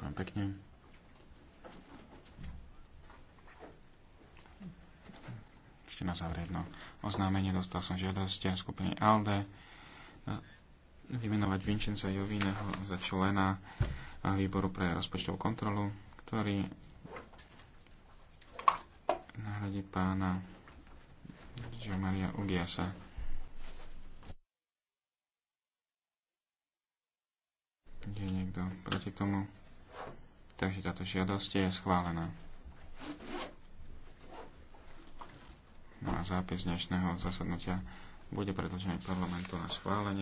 Ďakujem pekne. Ešte na záver jedno oznámenie. Dostal som žiadosť skupiny ALDE no, vymenovať Vincenza Jovíneho za člena výboru pre rozpočtovú kontrolu, ktorý nahradí pána Gio Maria Ugiasa. Je niekto proti tomu? Takže táto žiadosť je schválená. No a zápis dnešného zasadnutia bude predložený parlamentu na schválenie.